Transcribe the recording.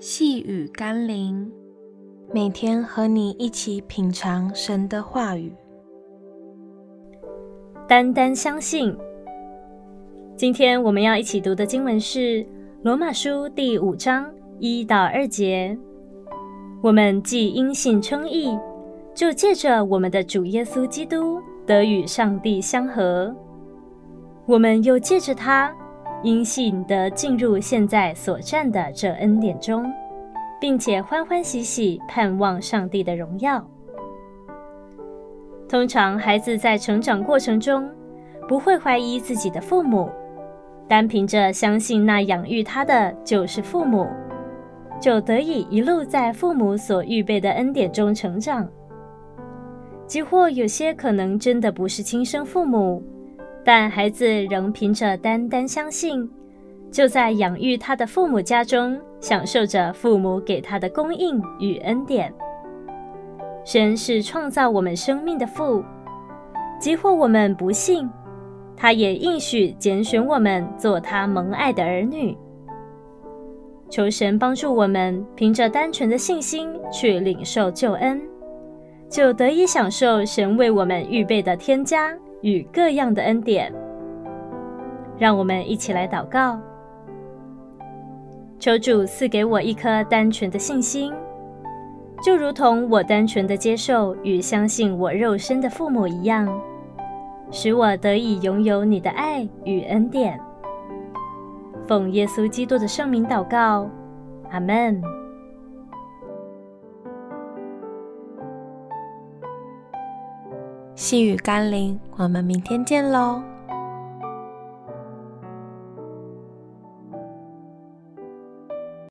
細語甘霖，每天和你一起品嘗神的話語，單單相信。今天我們要一起讀的經文是《羅馬書》第五章一到二節。我們既因信稱義，就借着我們的主耶穌基督得與上帝相和；我們又借着他。因信得進入現在所站的這恩典中，並且歡歡喜喜盼望上帝的榮耀。通常孩子在成長過程中，不會懷疑自己的父母，單憑着相信那養育他的就是父母，就得以一路在父母所預備的恩典中成長。即或有些可能真的不是親生父母。但孩子仍憑着單單相信，就在養育他的父母家中，享受着父母給他的供應與恩典。神是創造我們生命的父，即或我們不信，他也應許揀選我們做他蒙愛的兒女。求神幫助我們，憑着單純的信心去領受救恩，就得以享受神為我們預備的天家。與各樣的恩典。讓我們一起來禱告，求主賜給我一顆單純的信心，就如同我單純的接受與相信我肉身的父母一樣，使我得以擁有你的愛與恩典。奉耶穌基督的聖名禱告，阿門。細語甘霖，我們明天見嘍。